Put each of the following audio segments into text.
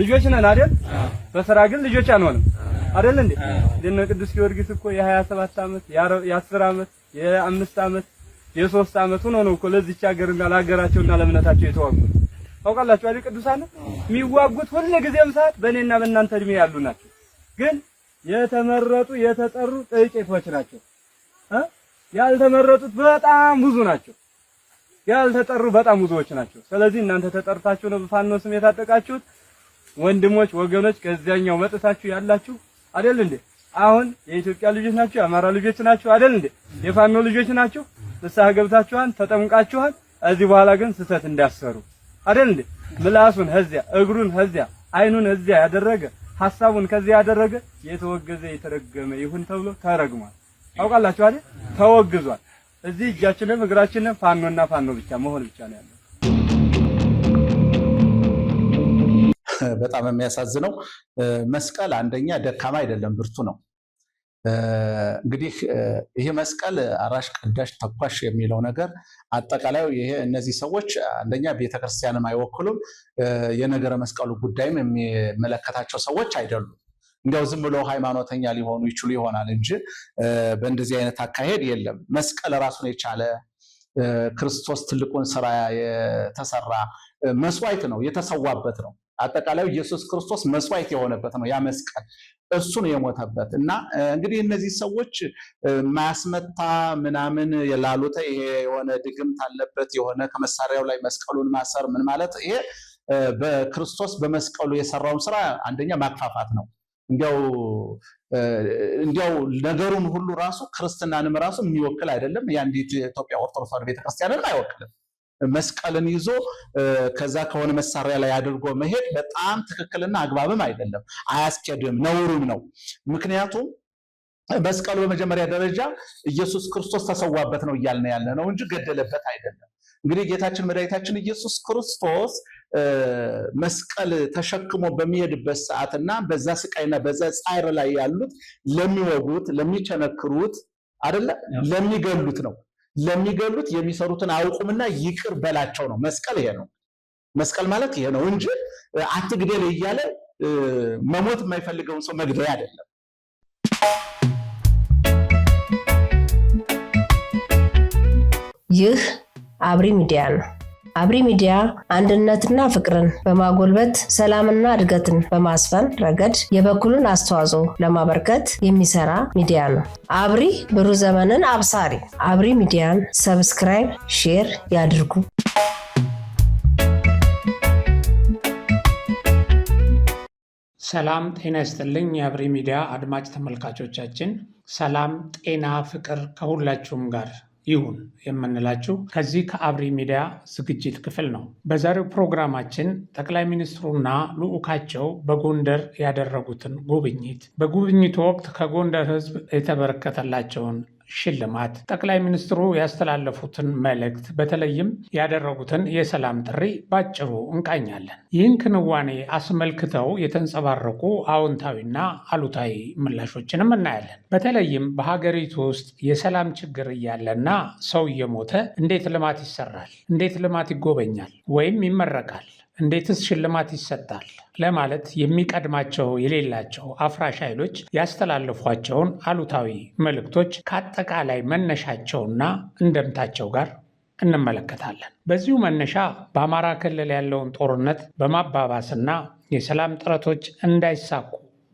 ልጆች ነን አይደል? በስራ ግን ልጆች አንሆንም አይደል እንዴ? እንደነ ቅዱስ ጊዮርጊስ እኮ የ27 ዓመት የ10 ዓመት የ5 ዓመት የ3 ዓመት ሆኖ ነው እኮ ለዚች ሀገርና ለሀገራቸውና ለእምነታቸው የተዋጉ ታውቃላችሁ አይደል? ቅዱሳን የሚዋጉት ሁሉ ጊዜም ሰዓት በእኔና በእናንተ እድሜ ያሉ ናቸው። ግን የተመረጡ የተጠሩ ጥቂቶች ናቸው። ያልተመረጡት በጣም ብዙ ናቸው። ያልተጠሩ በጣም ብዙዎች ናቸው። ስለዚህ እናንተ ተጠርታችሁ ነው በፋኖ ስም የታጠቃችሁት። ወንድሞች ወገኖች ከዚያኛው መጥታችሁ ያላችሁ አይደል እንዴ? አሁን የኢትዮጵያ ልጆች ናችሁ፣ የአማራ ልጆች ናችሁ አይደል እንዴ? የፋኖ ልጆች ናችሁ። ንስሐ ገብታችኋል፣ ተጠምቃችኋል። እዚህ በኋላ ግን ስህተት እንዳሰሩ አይደል እንዴ? ምላሱን ከዚያ እግሩን ከዚያ አይኑን እዚያ ያደረገ ሐሳቡን ከዚያ ያደረገ የተወገዘ የተረገመ ይሁን ተብሎ ተረግሟል። አውቃላችሁ አይደል? ተወግዟል። እዚህ እጃችንም እግራችንም ፋኖና ፋኖ ብቻ መሆን ብቻ ነው ያለው። በጣም የሚያሳዝነው መስቀል አንደኛ ደካማ አይደለም፣ ብርቱ ነው። እንግዲህ ይህ መስቀል አራሽ፣ ቀዳሽ፣ ተኳሽ የሚለው ነገር አጠቃላዩ ይሄ እነዚህ ሰዎች አንደኛ ቤተክርስቲያንም አይወክሉም፣ የነገረ መስቀሉ ጉዳይም የሚመለከታቸው ሰዎች አይደሉም። እንዲያው ዝም ብሎ ሃይማኖተኛ ሊሆኑ ይችሉ ይሆናል እንጂ በእንደዚህ አይነት አካሄድ የለም። መስቀል ራሱን የቻለ ክርስቶስ ትልቁን ስራ የተሰራ መስዋዕት ነው፣ የተሰዋበት ነው። አጠቃላዩ ኢየሱስ ክርስቶስ መስዋዕት የሆነበት ነው። ያ መስቀል እሱ ነው የሞተበት። እና እንግዲህ እነዚህ ሰዎች ማያስመታ ምናምን የላሉት ይሄ የሆነ ድግምት አለበት የሆነ ከመሳሪያው ላይ መስቀሉን ማሰር ምን ማለት ይሄ በክርስቶስ በመስቀሉ የሰራውን ስራ አንደኛ ማክፋፋት ነው። እንዲያው እንዲያው ነገሩን ሁሉ ራሱ ክርስትናንም ራሱ የሚወክል አይደለም። የአንዲት ኢትዮጵያ ኦርቶዶክስ ቤተክርስቲያንን አይወክልም። መስቀልን ይዞ ከዛ ከሆነ መሳሪያ ላይ አድርጎ መሄድ በጣም ትክክልና አግባብም አይደለም፣ አያስኬድም፣ ነውሩም ነው። ምክንያቱም መስቀሉ በመጀመሪያ ደረጃ ኢየሱስ ክርስቶስ ተሰዋበት ነው እያልን ያለ ነው እንጂ ገደለበት አይደለም። እንግዲህ ጌታችን መድኃኒታችን ኢየሱስ ክርስቶስ መስቀል ተሸክሞ በሚሄድበት ሰዓትና በዛ ስቃይና በዛ ጻዕር ላይ ያሉት ለሚወጉት፣ ለሚቸነክሩት አይደለም ለሚገሉት ነው ለሚገሉት የሚሰሩትን አውቁምና ይቅር በላቸው ነው። መስቀል ይሄ ነው። መስቀል ማለት ይሄ ነው እንጂ አትግደል እያለ መሞት የማይፈልገውን ሰው መግደል አይደለም። ይህ አብሪ ሚዲያ ነው። አብሪ ሚዲያ አንድነትና ፍቅርን በማጎልበት ሰላምና እድገትን በማስፈን ረገድ የበኩሉን አስተዋጽኦ ለማበርከት የሚሰራ ሚዲያ ነው። አብሪ ብሩህ ዘመንን አብሳሪ። አብሪ ሚዲያን ሰብስክራይብ፣ ሼር ያድርጉ። ሰላም ጤና ይስጥልኝ። የአብሪ ሚዲያ አድማጭ ተመልካቾቻችን ሰላም፣ ጤና፣ ፍቅር ከሁላችሁም ጋር ይሁን የምንላችሁ ከዚህ ከአብሪ ሚዲያ ዝግጅት ክፍል ነው። በዛሬው ፕሮግራማችን ጠቅላይ ሚኒስትሩና ልዑካቸው በጎንደር ያደረጉትን ጉብኝት፣ በጉብኝቱ ወቅት ከጎንደር ሕዝብ የተበረከተላቸውን ሽልማት ጠቅላይ ሚኒስትሩ ያስተላለፉትን መልእክት በተለይም ያደረጉትን የሰላም ጥሪ ባጭሩ እንቃኛለን። ይህን ክንዋኔ አስመልክተው የተንጸባረቁ አዎንታዊና አሉታዊ ምላሾችንም እናያለን። በተለይም በሀገሪቱ ውስጥ የሰላም ችግር እያለና ሰው እየሞተ እንዴት ልማት ይሰራል? እንዴት ልማት ይጎበኛል ወይም ይመረቃል? እንዴትስ ሽልማት ይሰጣል ለማለት የሚቀድማቸው የሌላቸው አፍራሽ ኃይሎች ያስተላለፏቸውን አሉታዊ መልእክቶች ከአጠቃላይ መነሻቸውና እንደምታቸው ጋር እንመለከታለን። በዚሁ መነሻ በአማራ ክልል ያለውን ጦርነት በማባባስና የሰላም ጥረቶች እንዳይሳኩ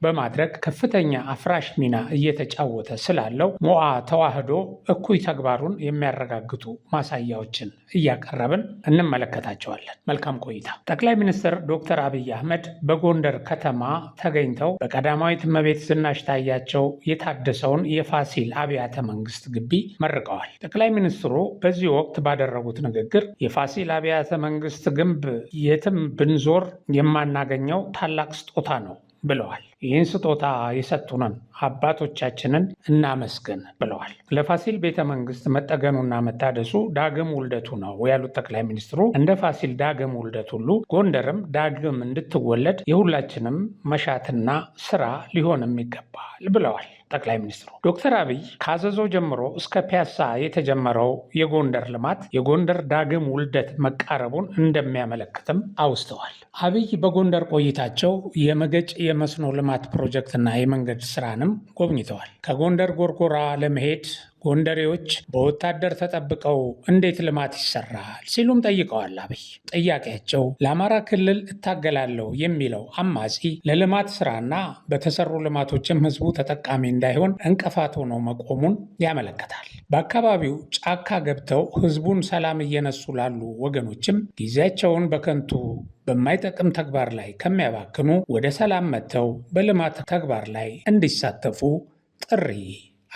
በማድረግ ከፍተኛ አፍራሽ ሚና እየተጫወተ ስላለው ሞዓ ተዋህዶ እኩይ ተግባሩን የሚያረጋግጡ ማሳያዎችን እያቀረብን እንመለከታቸዋለን። መልካም ቆይታ። ጠቅላይ ሚኒስትር ዶክተር አብይ አህመድ በጎንደር ከተማ ተገኝተው በቀዳማዊት እመቤት ዝናሽ ታያቸው የታደሰውን የፋሲል አብያተ መንግስት ግቢ መርቀዋል። ጠቅላይ ሚኒስትሩ በዚህ ወቅት ባደረጉት ንግግር የፋሲል አብያተ መንግስት ግንብ የትም ብንዞር የማናገኘው ታላቅ ስጦታ ነው ብለዋል። ይህን ስጦታ የሰጡንን አባቶቻችንን እናመስግን ብለዋል። ለፋሲል ቤተ መንግስት መጠገኑና መታደሱ ዳግም ውልደቱ ነው ያሉት ጠቅላይ ሚኒስትሩ እንደ ፋሲል ዳግም ውልደት ሁሉ ጎንደርም ዳግም እንድትወለድ የሁላችንም መሻትና ስራ ሊሆንም ይገባል ብለዋል። ጠቅላይ ሚኒስትሩ ዶክተር አብይ ካዘዞ ጀምሮ እስከ ፒያሳ የተጀመረው የጎንደር ልማት የጎንደር ዳግም ውልደት መቃረቡን እንደሚያመለክትም አውስተዋል። አብይ በጎንደር ቆይታቸው የመገጭ የመስኖ ልማት የልማት ፕሮጀክትና የመንገድ ስራንም ጎብኝተዋል። ከጎንደር ጎርጎራ ለመሄድ ጎንደሬዎች በወታደር ተጠብቀው እንዴት ልማት ይሰራል ሲሉም ጠይቀዋል አብይ። ጥያቄያቸው ለአማራ ክልል እታገላለሁ የሚለው አማጺ ለልማት ስራና በተሰሩ ልማቶችም ህዝቡ ተጠቃሚ እንዳይሆን እንቅፋት ሆኖ መቆሙን ያመለክታል። በአካባቢው ጫካ ገብተው ህዝቡን ሰላም እየነሱ ላሉ ወገኖችም ጊዜያቸውን በከንቱ በማይጠቅም ተግባር ላይ ከሚያባክኑ ወደ ሰላም መጥተው በልማት ተግባር ላይ እንዲሳተፉ ጥሪ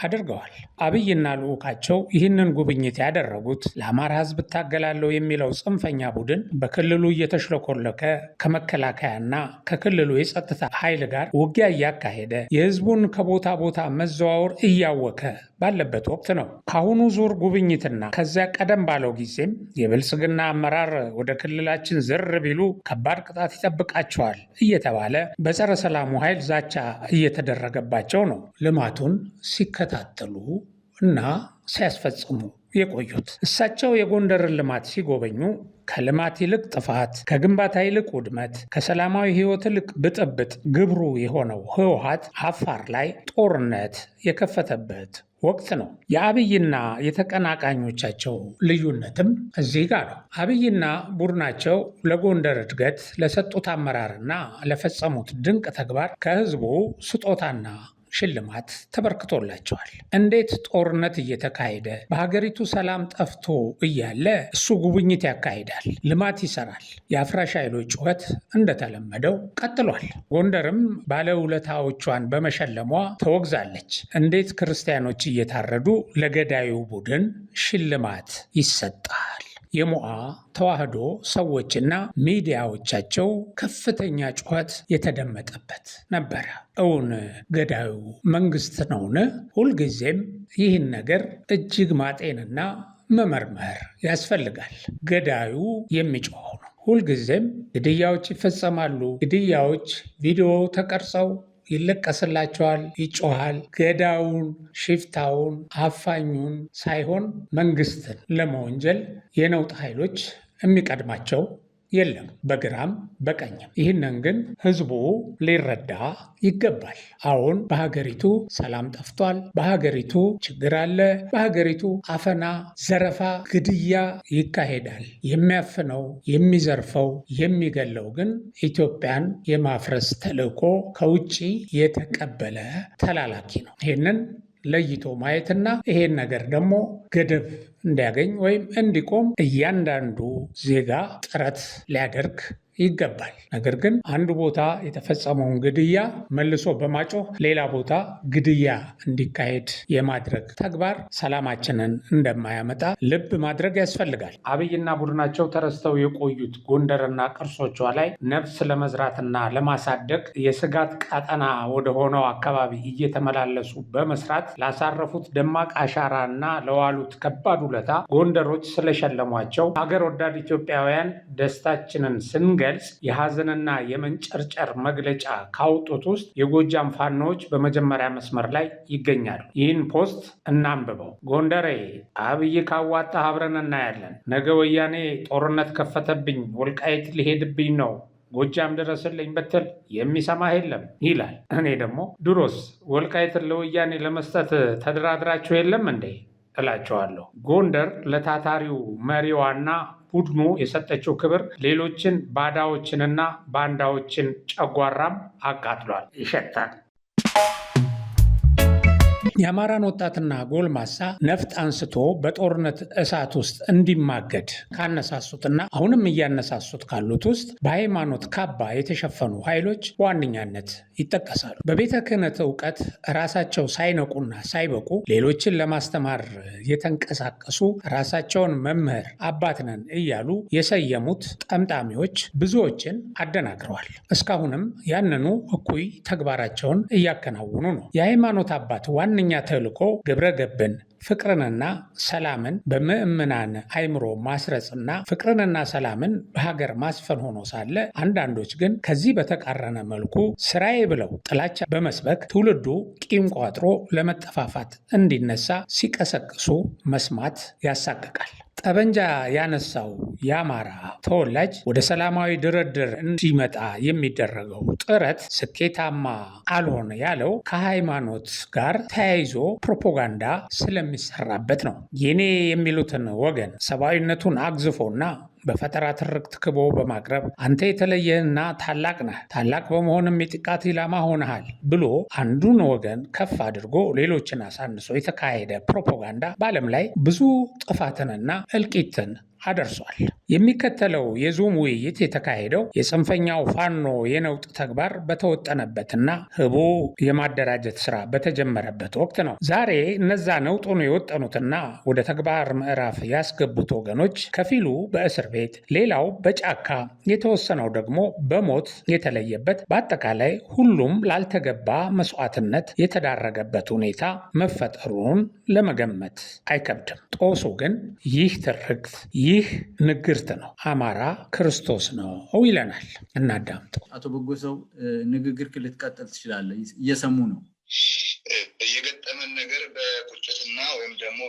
አድርገዋል። አብይና ልዑካቸው ይህንን ጉብኝት ያደረጉት ለአማራ ህዝብ እታገላለሁ የሚለው ጽንፈኛ ቡድን በክልሉ እየተሽለኮለከ ከመከላከያና ከክልሉ የጸጥታ ኃይል ጋር ውጊያ እያካሄደ የህዝቡን ከቦታ ቦታ መዘዋወር እያወከ ባለበት ወቅት ነው። ከአሁኑ ዙር ጉብኝትና ከዚያ ቀደም ባለው ጊዜም የብልጽግና አመራር ወደ ክልላችን ዝር ቢሉ ከባድ ቅጣት ይጠብቃቸዋል እየተባለ በጸረ ሰላሙ ኃይል ዛቻ እየተደረገባቸው ነው ልማቱን ሲከታተሉ እና ሲያስፈጽሙ የቆዩት። እሳቸው የጎንደርን ልማት ሲጎበኙ ከልማት ይልቅ ጥፋት፣ ከግንባታ ይልቅ ውድመት፣ ከሰላማዊ ሕይወት ይልቅ ብጥብጥ ግብሩ የሆነው ህወሓት አፋር ላይ ጦርነት የከፈተበት ወቅት ነው። የአብይና የተቀናቃኞቻቸው ልዩነትም እዚህ ጋር ነው። አብይና ቡድናቸው ለጎንደር እድገት ለሰጡት አመራርና ለፈጸሙት ድንቅ ተግባር ከህዝቡ ስጦታና ሽልማት ተበርክቶላቸዋል። እንዴት ጦርነት እየተካሄደ በሀገሪቱ ሰላም ጠፍቶ እያለ እሱ ጉብኝት ያካሂዳል፣ ልማት ይሰራል። የአፍራሽ ኃይሎች ጩኸት እንደተለመደው ቀጥሏል። ጎንደርም ባለውለታዎቿን በመሸለሟ ተወግዛለች። እንዴት ክርስቲያኖች እየታረዱ ለገዳዩ ቡድን ሽልማት ይሰጣል? የሞአ ተዋህዶ ሰዎችና ሚዲያዎቻቸው ከፍተኛ ጩኸት የተደመጠበት ነበረ። እውን ገዳዩ መንግስት ነውን? ሁልጊዜም ይህን ነገር እጅግ ማጤንና መመርመር ያስፈልጋል። ገዳዩ የሚጮኸው ነው። ሁልጊዜም ግድያዎች ይፈጸማሉ። ግድያዎች ቪዲዮ ተቀርጸው ይለቀስላቸዋል፣ ይጮሃል። ገዳውን፣ ሽፍታውን፣ አፋኙን ሳይሆን መንግስትን ለመወንጀል የነውጥ ኃይሎች የሚቀድማቸው የለም በግራም በቀኝም። ይህንን ግን ህዝቡ ሊረዳ ይገባል። አሁን በሀገሪቱ ሰላም ጠፍቷል። በሀገሪቱ ችግር አለ። በሀገሪቱ አፈና፣ ዘረፋ፣ ግድያ ይካሄዳል። የሚያፍነው፣ የሚዘርፈው፣ የሚገለው ግን ኢትዮጵያን የማፍረስ ተልዕኮ ከውጭ የተቀበለ ተላላኪ ነው። ይህንን ለይቶ ማየትና ይሄን ነገር ደግሞ ገደብ እንዲያገኝ ወይም እንዲቆም እያንዳንዱ ዜጋ ጥረት ሊያደርግ ይገባል። ነገር ግን አንድ ቦታ የተፈጸመውን ግድያ መልሶ በማጮህ ሌላ ቦታ ግድያ እንዲካሄድ የማድረግ ተግባር ሰላማችንን እንደማያመጣ ልብ ማድረግ ያስፈልጋል። አብይና ቡድናቸው ተረስተው የቆዩት ጎንደርና ቅርሶቿ ላይ ነፍስ ለመዝራትና ለማሳደግ የስጋት ቀጠና ወደ ሆነው አካባቢ እየተመላለሱ በመስራት ላሳረፉት ደማቅ አሻራ እና ለዋሉት ከባድ ውለታ ጎንደሮች ስለሸለሟቸው ሀገር ወዳድ ኢትዮጵያውያን ደስታችንን ስንገ ሲገልጽ የሀዘንና የመንጨርጨር መግለጫ ካወጡት ውስጥ የጎጃም ፋኖዎች በመጀመሪያ መስመር ላይ ይገኛሉ። ይህን ፖስት እናንብበው። ጎንደሬ አብይ ካዋጣ አብረን እናያለን። ነገ ወያኔ ጦርነት ከፈተብኝ፣ ወልቃይት ሊሄድብኝ ነው ጎጃም ድረስልኝ ብትል የሚሰማህ የለም ይላል። እኔ ደግሞ ድሮስ ወልቃይትን ለወያኔ ለመስጠት ተደራድራችሁ የለም እንዴ? እላቸዋለሁ። ጎንደር ለታታሪው መሪዋና ቡድኑ የሰጠችው ክብር ሌሎችን ባዳዎችንና ባንዳዎችን ጨጓራም አቃጥሏል፣ ይሸታል። የአማራን ወጣትና ጎልማሳ ነፍጥ አንስቶ በጦርነት እሳት ውስጥ እንዲማገድ ካነሳሱትና አሁንም እያነሳሱት ካሉት ውስጥ በሃይማኖት ካባ የተሸፈኑ ኃይሎች በዋነኛነት ይጠቀሳሉ። በቤተ ክህነት እውቀት ራሳቸው ሳይነቁና ሳይበቁ ሌሎችን ለማስተማር የተንቀሳቀሱ ራሳቸውን መምህር አባት ነን እያሉ የሰየሙት ጠምጣሚዎች ብዙዎችን አደናግረዋል። እስካሁንም ያንኑ እኩይ ተግባራቸውን እያከናወኑ ነው። የሃይማኖት አባት ዋ። ዋነኛ ተልዕኮ ግብረ ገብን ፍቅርንና ሰላምን በምእምናን አይምሮ ማስረጽና ፍቅርንና ሰላምን በሀገር ማስፈን ሆኖ ሳለ አንዳንዶች ግን ከዚህ በተቃረነ መልኩ ስራዬ ብለው ጥላቻ በመስበክ ትውልዱ ቂም ቋጥሮ ለመጠፋፋት እንዲነሳ ሲቀሰቅሱ መስማት ያሳቅቃል። ጠበንጃ ያነሳው የአማራ ተወላጅ ወደ ሰላማዊ ድርድር እንዲመጣ የሚደረገው ጥረት ስኬታማ አልሆነ ያለው ከሃይማኖት ጋር ተያይዞ ፕሮፓጋንዳ ስለሚሰራበት ነው። የኔ የሚሉትን ወገን ሰብአዊነቱን አግዝፎና በፈጠራ ትርክት ክቦ በማቅረብ አንተ የተለየህና ታላቅ ነህ፣ ታላቅ በመሆንም የጥቃት ኢላማ ሆነሃል ብሎ አንዱን ወገን ከፍ አድርጎ ሌሎችን አሳንሶ የተካሄደ ፕሮፓጋንዳ በዓለም ላይ ብዙ ጥፋትንና እልቂትን አደርሷል። የሚከተለው የዙም ውይይት የተካሄደው የጽንፈኛው ፋኖ የነውጥ ተግባር በተወጠነበትና ህቡ የማደራጀት ስራ በተጀመረበት ወቅት ነው። ዛሬ እነዛ ነውጡን የወጠኑትና ወደ ተግባር ምዕራፍ ያስገቡት ወገኖች ከፊሉ በእስር ቤት፣ ሌላው በጫካ የተወሰነው ደግሞ በሞት የተለየበት፣ በአጠቃላይ ሁሉም ላልተገባ መስዋዕትነት የተዳረገበት ሁኔታ መፈጠሩን ለመገመት አይከብድም። ጦሱ ግን ይህ ትርክት ይህ ንግርት ነው። አማራ ክርስቶስ ነው ይለናል። እናዳምጠው። አቶ በጎ ሰው ንግግር ልትቀጥል ትችላለህ። እየሰሙ ነው። የገጠመን ነገር በቁጭትና ወይም ደግሞ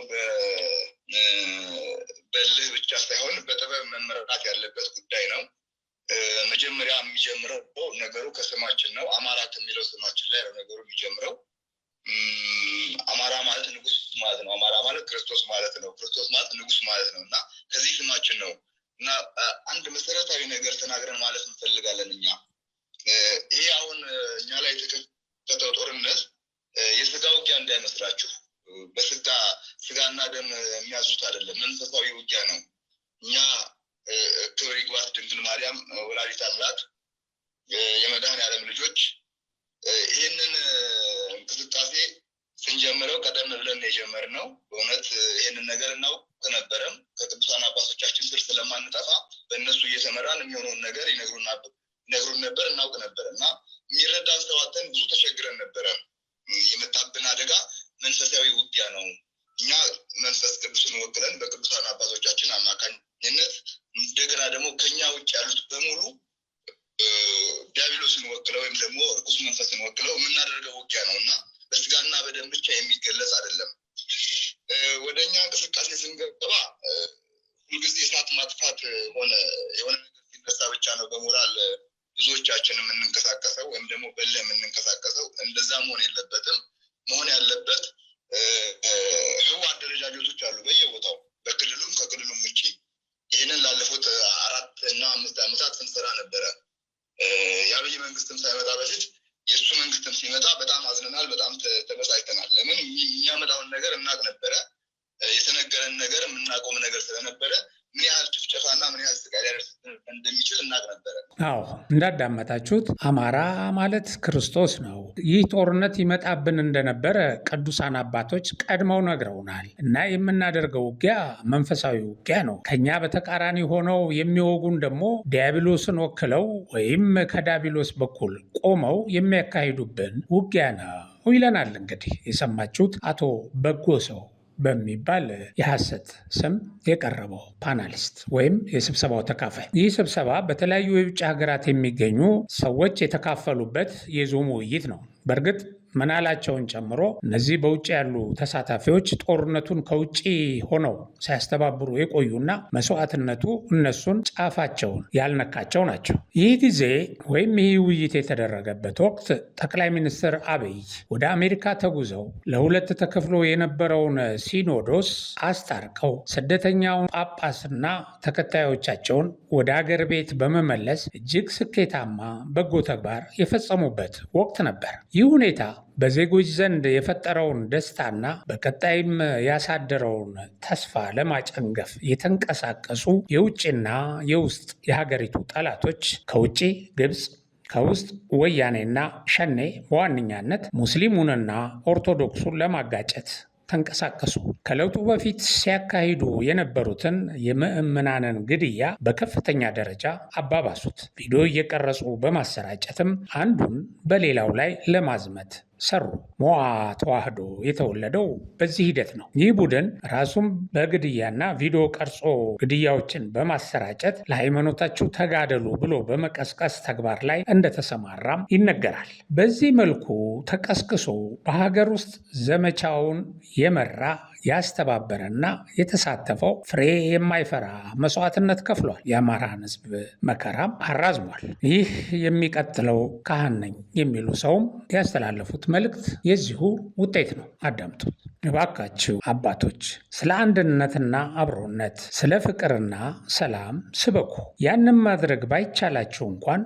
በልህ ብቻ ሳይሆን በጥበብ መመረጣት ያለበት ጉዳይ ነው። መጀመሪያ የሚጀምረው ነገሩ ከስማችን ነው። አማራት የሚለው ስማችን ላይ ነው ነገሩ የሚጀምረው። አማራ ማለት ንጉስ ማለት ነው። አማራ ማለት ክርስቶስ ማለት ነው። ክርስቶስ ማለት ንጉስ ማለት ነው እና ከዚህ ስማችን ነው እና አንድ መሰረታዊ ነገር ተናግረን ማለት እንፈልጋለን። እኛ ይሄ አሁን እኛ ላይ የተከፈተው ጦርነት የስጋ ውጊያ እንዳይመስላችሁ። በስጋ ስጋና ደም የሚያዙት አይደለም፣ መንፈሳዊ ውጊያ ነው። እኛ ክብር ይግባት ድንግል ማርያም ወላዲት አምላክ የመድህን ያለም ልጆች ይህንን እንቅስቃሴ ስንጀምረው ቀደም ብለን ነው በእውነት ይህንን ነገር እናውቅ ነበረም ከቅዱሳን አባቶቻችን ስር ስለማንጠፋ በእነሱ እየተመራን የሚሆነውን ነገር ይነግሩን ነበር፣ እናውቅ ነበር እና የሚረዳ ሰው ብዙ ተቸግረን ነበረ። የመጣብን አደጋ መንፈሳዊ ውጊያ ነው። እኛ እንደሚችል እናቅ ነበረ። አዎ እንዳዳመጣችሁት አማራ ማለት ክርስቶስ ነው። ይህ ጦርነት ይመጣብን እንደነበረ ቅዱሳን አባቶች ቀድመው ነግረውናል እና የምናደርገው ውጊያ መንፈሳዊ ውጊያ ነው። ከኛ በተቃራኒ ሆነው የሚወጉን ደግሞ ዲያብሎስን ወክለው ወይም ከዲያብሎስ በኩል ቆመው የሚያካሂዱብን ውጊያ ነው ይለናል። እንግዲህ የሰማችሁት አቶ በጎ ሰው በሚባል የሐሰት ስም የቀረበው ፓናሊስት ወይም የስብሰባው ተካፋይ። ይህ ስብሰባ በተለያዩ የውጭ ሀገራት የሚገኙ ሰዎች የተካፈሉበት የዙም ውይይት ነው። በእርግጥ መናላቸውን ጨምሮ እነዚህ በውጭ ያሉ ተሳታፊዎች ጦርነቱን ከውጭ ሆነው ሲያስተባብሩ የቆዩና መስዋዕትነቱ እነሱን ጫፋቸውን ያልነካቸው ናቸው። ይህ ጊዜ ወይም ይህ ውይይት የተደረገበት ወቅት ጠቅላይ ሚኒስትር አብይ ወደ አሜሪካ ተጉዘው ለሁለት ተከፍሎ የነበረውን ሲኖዶስ አስታርቀው ስደተኛውን ጳጳስና ተከታዮቻቸውን ወደ አገር ቤት በመመለስ እጅግ ስኬታማ በጎ ተግባር የፈጸሙበት ወቅት ነበር። ይህ ሁኔታ በዜጎች ዘንድ የፈጠረውን ደስታና በቀጣይም ያሳደረውን ተስፋ ለማጨንገፍ የተንቀሳቀሱ የውጭና የውስጥ የሀገሪቱ ጠላቶች ከውጭ ግብፅ ከውስጥ ወያኔና ሸኔ በዋነኛነት ሙስሊሙንና ኦርቶዶክሱን ለማጋጨት ተንቀሳቀሱ። ከለውጡ በፊት ሲያካሂዱ የነበሩትን የምዕምናንን ግድያ በከፍተኛ ደረጃ አባባሱት። ቪዲዮ እየቀረጹ በማሰራጨትም አንዱን በሌላው ላይ ለማዝመት ሰሩ። ሞዓ ተዋህዶ የተወለደው በዚህ ሂደት ነው። ይህ ቡድን ራሱም በግድያና ቪዲዮ ቀርጾ ግድያዎችን በማሰራጨት ለሃይማኖታችሁ ተጋደሉ ብሎ በመቀስቀስ ተግባር ላይ እንደተሰማራም ይነገራል። በዚህ መልኩ ተቀስቅሶ በሀገር ውስጥ ዘመቻውን የመራ ያስተባበረና የተሳተፈው ፍሬ የማይፈራ መስዋዕትነት ከፍሏል። የአማራን ህዝብ መከራም አራዝሟል። ይህ የሚቀጥለው ካህን ነኝ የሚሉ ሰውም ያስተላለፉት መልእክት የዚሁ ውጤት ነው። አዳምጡት እባካችሁ አባቶች፣ ስለ አንድነትና አብሮነት፣ ስለ ፍቅርና ሰላም ስበኩ። ያንን ማድረግ ባይቻላችሁ እንኳን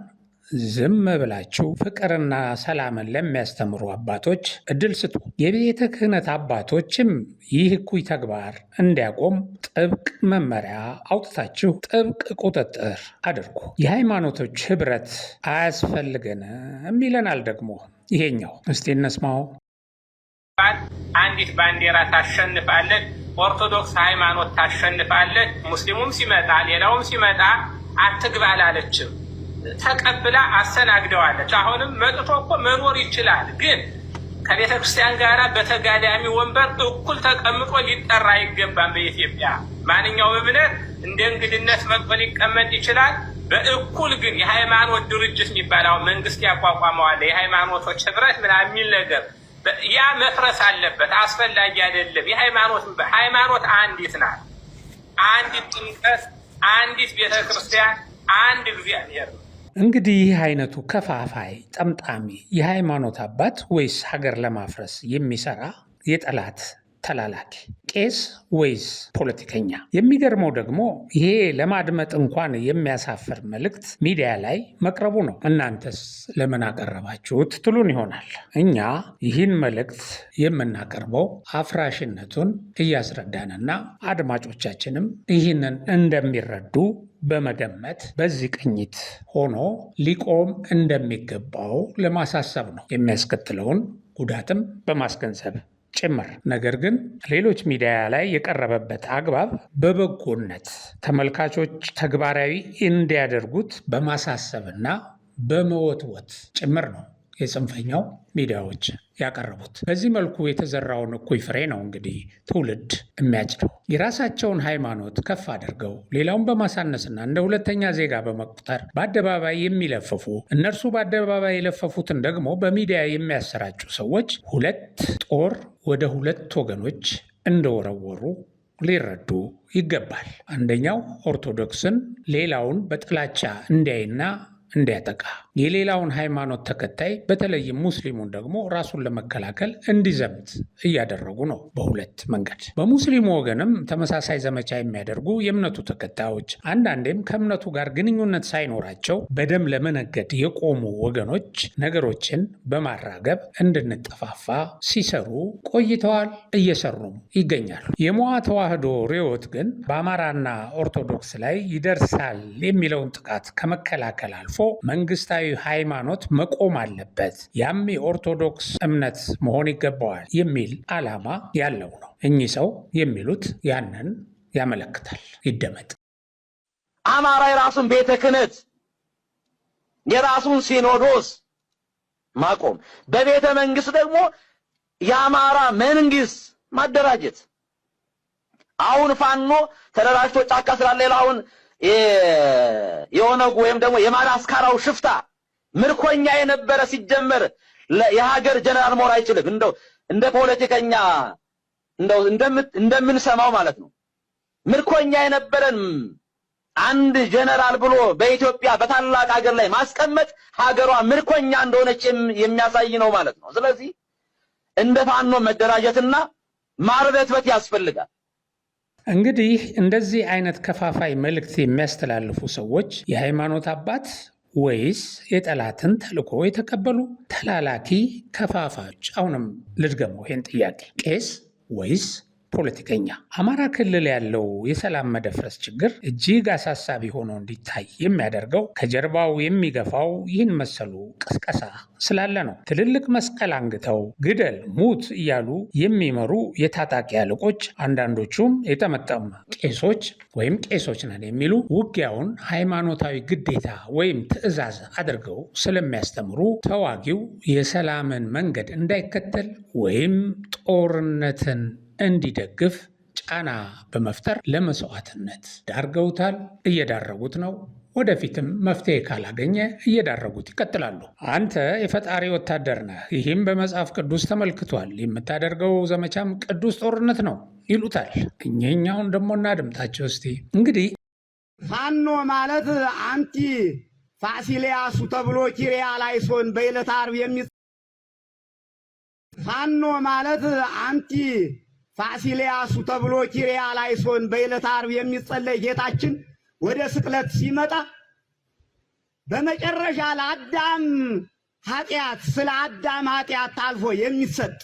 ዝም ብላችሁ ፍቅርና ሰላምን ለሚያስተምሩ አባቶች እድል ስጡ። የቤተ ክህነት አባቶችም ይህ እኩይ ተግባር እንዲያቆም ጥብቅ መመሪያ አውጥታችሁ ጥብቅ ቁጥጥር አድርጉ። የሃይማኖቶች ህብረት አያስፈልገንም ይለናል ደግሞ ይሄኛው። እስቲ እነስማው። አንዲት ባንዲራ ታሸንፋለች። ኦርቶዶክስ ሃይማኖት ታሸንፋለች። ሙስሊሙም ሲመጣ ሌላውም ሲመጣ አትግባል አለችም። ተቀብላ አስተናግደዋለች። አሁንም መጥቶ እኮ መኖር ይችላል፣ ግን ከቤተ ክርስቲያን ጋር በተጋዳሚ ወንበር እኩል ተቀምጦ ሊጠራ አይገባም። በኢትዮጵያ ማንኛውም እምነት እንደ እንግድነት መጥቶ ሊቀመጥ ይችላል። በእኩል ግን የሃይማኖት ድርጅት የሚባለው መንግስት ያቋቋመዋለ የሃይማኖቶች ህብረት ምናምን የሚል ነገር ያ መፍረስ አለበት። አስፈላጊ አይደለም። የሃይማኖት ሃይማኖት አንዲት ናት። አንዲት ጥምቀት፣ አንዲት ቤተክርስቲያን፣ አንድ እግዚአብሔር ነው። እንግዲህ ይህ አይነቱ ከፋፋይ ጠምጣሚ የሃይማኖት አባት ወይስ ሀገር ለማፍረስ የሚሰራ የጠላት ተላላኪ ቄስ ወይስ ፖለቲከኛ? የሚገርመው ደግሞ ይሄ ለማድመጥ እንኳን የሚያሳፍር መልእክት ሚዲያ ላይ መቅረቡ ነው። እናንተስ ለምን አቀረባችሁት ትሉን ይሆናል። እኛ ይህን መልእክት የምናቀርበው አፍራሽነቱን እያስረዳንና አድማጮቻችንም ይህንን እንደሚረዱ በመገመት በዚህ ቅኝት ሆኖ ሊቆም እንደሚገባው ለማሳሰብ ነው የሚያስከትለውን ጉዳትም በማስገንዘብ ጭምር። ነገር ግን ሌሎች ሚዲያ ላይ የቀረበበት አግባብ በበጎነት ተመልካቾች ተግባራዊ እንዲያደርጉት በማሳሰብና በመወትወት ጭምር ነው። የጽንፈኛው ሚዲያዎች ያቀረቡት። በዚህ መልኩ የተዘራውን እኩይ ፍሬ ነው እንግዲህ ትውልድ የሚያጭደው። የራሳቸውን ሃይማኖት ከፍ አድርገው ሌላውን በማሳነስና እንደ ሁለተኛ ዜጋ በመቁጠር በአደባባይ የሚለፍፉ እነርሱ በአደባባይ የለፈፉትን ደግሞ በሚዲያ የሚያሰራጩ ሰዎች ሁለት ጦር ወደ ሁለት ወገኖች እንደወረወሩ ሊረዱ ይገባል። አንደኛው ኦርቶዶክስን ሌላውን በጥላቻ እንዲያይና እንዲያጠቃ የሌላውን ሃይማኖት ተከታይ በተለይም ሙስሊሙን ደግሞ ራሱን ለመከላከል እንዲዘምት እያደረጉ ነው። በሁለት መንገድ በሙስሊሙ ወገንም ተመሳሳይ ዘመቻ የሚያደርጉ የእምነቱ ተከታዮች፣ አንዳንዴም ከእምነቱ ጋር ግንኙነት ሳይኖራቸው በደም ለመነገድ የቆሙ ወገኖች ነገሮችን በማራገብ እንድንጠፋፋ ሲሰሩ ቆይተዋል፣ እየሰሩም ይገኛሉ። የሞዋ ተዋህዶ ርዕዮት ግን በአማራና ኦርቶዶክስ ላይ ይደርሳል የሚለውን ጥቃት ከመከላከል አልፎ መንግስታዊ መሰረታዊ ሃይማኖት መቆም አለበት፣ ያም የኦርቶዶክስ እምነት መሆን ይገባዋል የሚል ዓላማ ያለው ነው። እኚህ ሰው የሚሉት ያንን ያመለክታል። ይደመጥ። አማራ የራሱን ቤተ ክህነት የራሱን ሲኖዶስ ማቆም፣ በቤተ መንግስት ደግሞ የአማራ መንግስት ማደራጀት። አሁን ፋኖ ተደራጅቶ ጫካ ስላለ ሌላውን የኦነጉ ወይም ደግሞ የማዳስካራው ሽፍታ ምርኮኛ የነበረ ሲጀመር የሀገር ጀነራል መሆን አይችልም። እንደው እንደ ፖለቲከኛ እንደው እንደምንሰማው ማለት ነው። ምርኮኛ የነበረን አንድ ጀነራል ብሎ በኢትዮጵያ በታላቅ ሀገር ላይ ማስቀመጥ ሀገሯ ምርኮኛ እንደሆነች የሚያሳይ ነው ማለት ነው። ስለዚህ እንደ ፋኖ መደራጀትና ማርበትበት ያስፈልጋል። እንግዲህ እንደዚህ አይነት ከፋፋይ መልእክት የሚያስተላልፉ ሰዎች የሃይማኖት አባት ወይስ የጠላትን ተልእኮ የተቀበሉ ተላላኪ ከፋፋጭ? አሁንም ልድገመው ይህን ጥያቄ ቄስ ወይስ ፖለቲከኛ አማራ ክልል ያለው የሰላም መደፍረስ ችግር እጅግ አሳሳቢ ሆኖ እንዲታይ የሚያደርገው ከጀርባው የሚገፋው ይህን መሰሉ ቅስቀሳ ስላለ ነው። ትልልቅ መስቀል አንግተው ግደል፣ ሙት እያሉ የሚመሩ የታጣቂ አለቆች፣ አንዳንዶቹም የጠመጠሙ ቄሶች ወይም ቄሶች ነን የሚሉ ውጊያውን ሃይማኖታዊ ግዴታ ወይም ትዕዛዝ አድርገው ስለሚያስተምሩ ተዋጊው የሰላምን መንገድ እንዳይከተል ወይም ጦርነትን እንዲደግፍ ጫና በመፍጠር ለመስዋዕትነት ዳርገውታል፣ እየዳረጉት ነው። ወደፊትም መፍትሄ ካላገኘ እየዳረጉት ይቀጥላሉ። አንተ የፈጣሪ ወታደር ነህ፣ ይህም በመጽሐፍ ቅዱስ ተመልክቷል፣ የምታደርገው ዘመቻም ቅዱስ ጦርነት ነው ይሉታል። እኚህኛውን ደግሞ እናድምጣቸው እስቲ። እንግዲህ ፋኖ ማለት አንቲ ፋሲሊያሱ ተብሎ ኪሪያ ላይሶን በይለት ዓርብ የሚ ፋኖ ማለት አንቲ ፋሲሊያሱ ተብሎ ኪሪያ ሲሆን በዕለተ ዓርብ የሚጸለይ ጌታችን ወደ ስቅለት ሲመጣ በመጨረሻ ለአዳም ኃጢአት ስለ አዳም ኃጢአት ታልፎ የሚሰጥ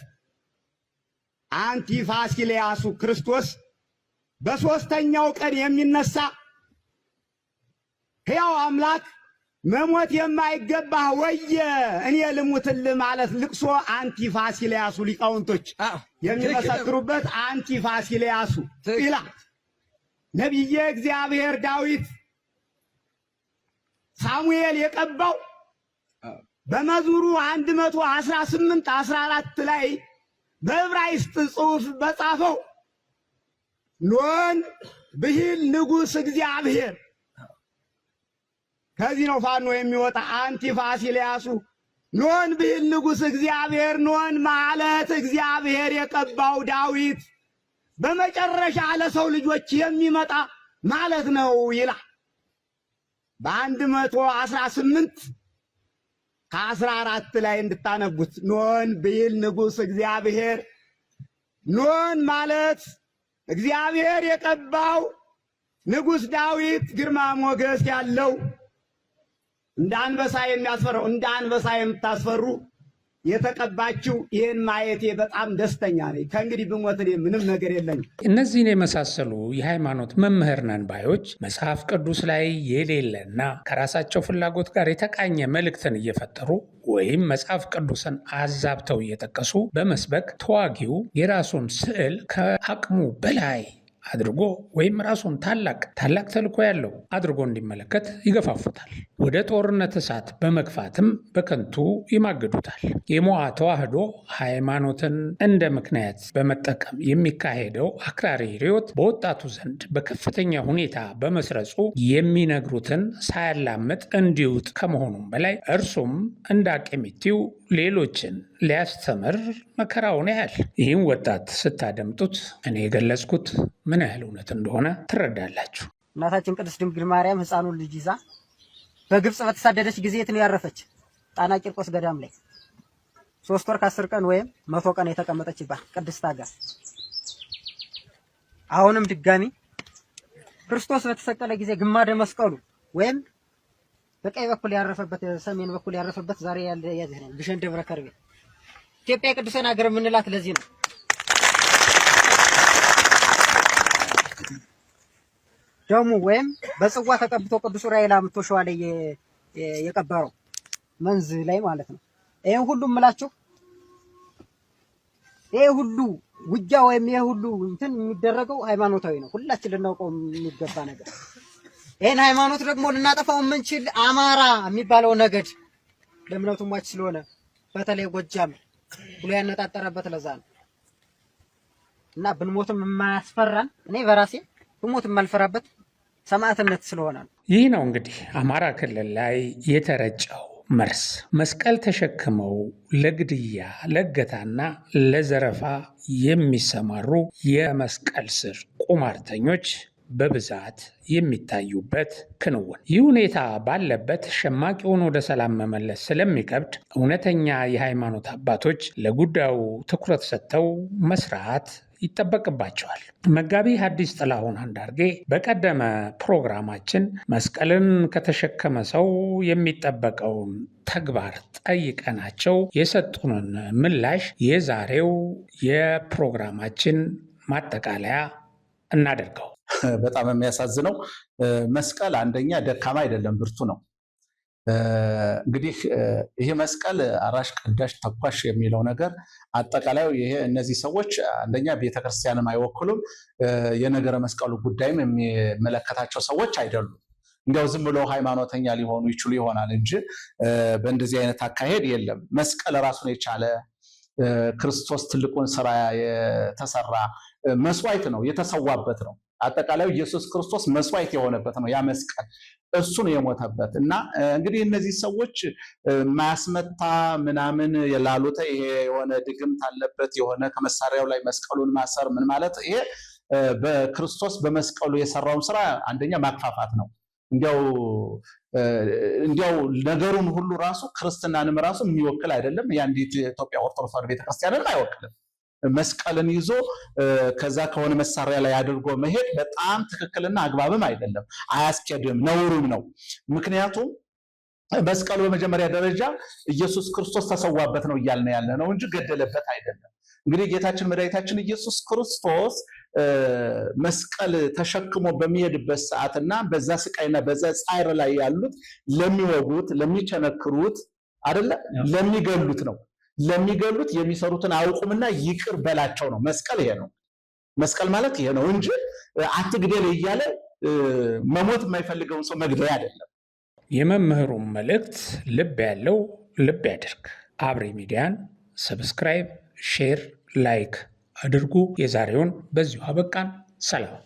አንቲ ፋሲሊያሱ ክርስቶስ በሦስተኛው ቀን የሚነሳ ሕያው አምላክ መሞት የማይገባ ወየ እኔ ልሙትል ማለት ልቅሶ አንቲፋሲለያሱ ሊቃውንቶች የሚመሰክሩበት አንቲፋሲለያሱ ይላል። ነቢየ እግዚአብሔር ዳዊት ሳሙኤል የቀባው በመዝሙሩ 118 14 ላይ በዕብራይስጥ ጽሑፍ በጻፈው ኖን ብሂል ንጉሥ እግዚአብሔር ከዚህ ነው ፋኖ የሚወጣ። አንቲ ፋሲልያሱ ኖን ብሂል ንጉሥ እግዚአብሔር ኖን ማለት እግዚአብሔር የቀባው ዳዊት በመጨረሻ ለሰው ልጆች የሚመጣ ማለት ነው ይላል። በአንድ መቶ አስራ ስምንት ከአስራ አራት ላይ እንድታነቡት ኖን ብሂል ንጉሥ እግዚአብሔር ኖን ማለት እግዚአብሔር የቀባው ንጉሥ ዳዊት ግርማ ሞገስ ያለው እንደ አንበሳ የሚያስፈራው እንደ አንበሳ የምታስፈሩ የተቀባችው ይህን ማየቴ በጣም ደስተኛ ነኝ። ከእንግዲህ ብሞት እኔ ምንም ነገር የለኝም። እነዚህን የመሳሰሉ የሃይማኖት መምህር ነን ባዮች መጽሐፍ ቅዱስ ላይ የሌለና ከራሳቸው ፍላጎት ጋር የተቃኘ መልእክትን እየፈጠሩ ወይም መጽሐፍ ቅዱስን አዛብተው እየጠቀሱ በመስበክ ተዋጊው የራሱን ስዕል ከአቅሙ በላይ አድርጎ ወይም ራሱን ታላቅ ታላቅ ተልዕኮ ያለው አድርጎ እንዲመለከት ይገፋፉታል። ወደ ጦርነት እሳት በመግፋትም በከንቱ ይማግዱታል። የሞዓ ተዋህዶ ሃይማኖትን እንደ ምክንያት በመጠቀም የሚካሄደው አክራሪ ሪዮት በወጣቱ ዘንድ በከፍተኛ ሁኔታ በመስረጹ የሚነግሩትን ሳያላምጥ እንዲውጥ ከመሆኑም በላይ እርሱም እንደ አቄሚቲው ሌሎችን ሊያስተምር መከራውን ያህል። ይህም ወጣት ስታደምጡት እኔ የገለጽኩት ምን ያህል እውነት እንደሆነ ትረዳላችሁ። እናታችን ቅድስት ድንግል ማርያም ህፃኑን ልጅ ይዛ በግብጽ በተሳደደች ጊዜ የት ነው ያረፈች? ጣና ቂርቆስ ገዳም ላይ ሶስት ወር ከአስር ቀን ወይም መቶ ቀን የተቀመጠችባት ቅድስት ሀገር። አሁንም ድጋሚ ክርስቶስ በተሰቀለ ጊዜ ግማደ መስቀሉ ወይም በቀኝ በኩል ያረፈበት ሰሜን በኩል ያረፈበት ዛሬ ያለ ያዘን ግሸን ደብረ ከርቤ ኢትዮጵያ የቅዱሳን ሀገር የምንላት ለዚህ ነው። ደሙ ወይም በጽዋ ተቀብቶ ቅዱስ ዑራኤል አምጥቶ ሸዋ ላይ የቀበረው መንዝ ላይ ማለት ነው። ይሄን ሁሉ እምላችሁ ይሄ ሁሉ ውጊያ ወይም ይሄ ሁሉ እንትን የሚደረገው ሃይማኖታዊ ነው። ሁላችን ልናውቀው የሚገባ ነገር። ይሄን ሃይማኖት ደግሞ ልናጠፋው የምንችል አማራ የሚባለው ነገድ ለእምነቱ ሟች ስለሆነ በተለይ ጎጃም ብሎ ያነጣጠረበት ለዛ ነው እና ብንሞትም የማያስፈራን እኔ በራሴ ብሞት የማልፈራበት ሰማዕትነት ስለሆነ ነው። ይህ ነው እንግዲህ አማራ ክልል ላይ የተረጨው መርስ። መስቀል ተሸክመው ለግድያ ለእገታና ለዘረፋ የሚሰማሩ የመስቀል ስር ቁማርተኞች በብዛት የሚታዩበት ክንውን። ይህ ሁኔታ ባለበት ሸማቂውን ወደ ሰላም መመለስ ስለሚከብድ እውነተኛ የሃይማኖት አባቶች ለጉዳዩ ትኩረት ሰጥተው መስራት ይጠበቅባቸዋል። መጋቢ ሐዲስ ጥላሁን አንዳርጌ በቀደመ ፕሮግራማችን መስቀልን ከተሸከመ ሰው የሚጠበቀውን ተግባር ጠይቀናቸው የሰጡንን ምላሽ የዛሬው የፕሮግራማችን ማጠቃለያ እናደርገው። በጣም የሚያሳዝነው መስቀል አንደኛ ደካማ አይደለም፣ ብርቱ ነው። እንግዲህ ይህ መስቀል አራሽ ቀዳሽ ተኳሽ የሚለው ነገር አጠቃላዩ ይሄ እነዚህ ሰዎች አንደኛ ቤተክርስቲያንም አይወክሉም፣ የነገረ መስቀሉ ጉዳይም የሚመለከታቸው ሰዎች አይደሉም። እንዲያው ዝም ብሎ ሃይማኖተኛ ሊሆኑ ይችሉ ይሆናል እንጂ በእንደዚህ አይነት አካሄድ የለም። መስቀል ራሱን የቻለ ክርስቶስ ትልቁን ስራ የተሰራ መስዋዕት ነው፣ የተሰዋበት ነው። አጠቃላዩ ኢየሱስ ክርስቶስ መስዋዕት የሆነበት ነው ያ መስቀል። እሱ ነው የሞተበት። እና እንግዲህ እነዚህ ሰዎች ማስመታ ምናምን የላሉት ይሄ የሆነ ድግምት አለበት የሆነ ከመሳሪያው ላይ መስቀሉን ማሰር ምን ማለት ይሄ በክርስቶስ በመስቀሉ የሰራውን ስራ አንደኛ ማክፋፋት ነው። እንዲያው እንዲያው ነገሩን ሁሉ ራሱ ክርስትናንም ራሱ የሚወክል አይደለም። የአንዲት ኢትዮጵያ ኦርቶዶክስ ቤተክርስቲያንን አይወክልም። መስቀልን ይዞ ከዛ ከሆነ መሳሪያ ላይ አድርጎ መሄድ በጣም ትክክልና አግባብም አይደለም፣ አያስኬድም፣ ነውሩም ነው። ምክንያቱም መስቀሉ በመጀመሪያ ደረጃ ኢየሱስ ክርስቶስ ተሰዋበት ነው እያልን ያለ ነው እንጂ ገደለበት አይደለም። እንግዲህ ጌታችን መድኃኒታችን ኢየሱስ ክርስቶስ መስቀል ተሸክሞ በሚሄድበት ሰዓትና በዛ ስቃይና በዛ ጻዕር ላይ ያሉት ለሚወጉት፣ ለሚቸነክሩት አይደለ ለሚገሉት ነው ለሚገሉት የሚሰሩትን አውቁምና ይቅር በላቸው ነው። መስቀል ይሄ ነው። መስቀል ማለት ይሄ ነው እንጂ አትግደል እያለ መሞት የማይፈልገውን ሰው መግደል አይደለም። የመምህሩም መልእክት ልብ ያለው ልብ ያድርግ። አብሪ ሚዲያን ሰብስክራይብ፣ ሼር፣ ላይክ አድርጉ። የዛሬውን በዚሁ አበቃን። ሰላም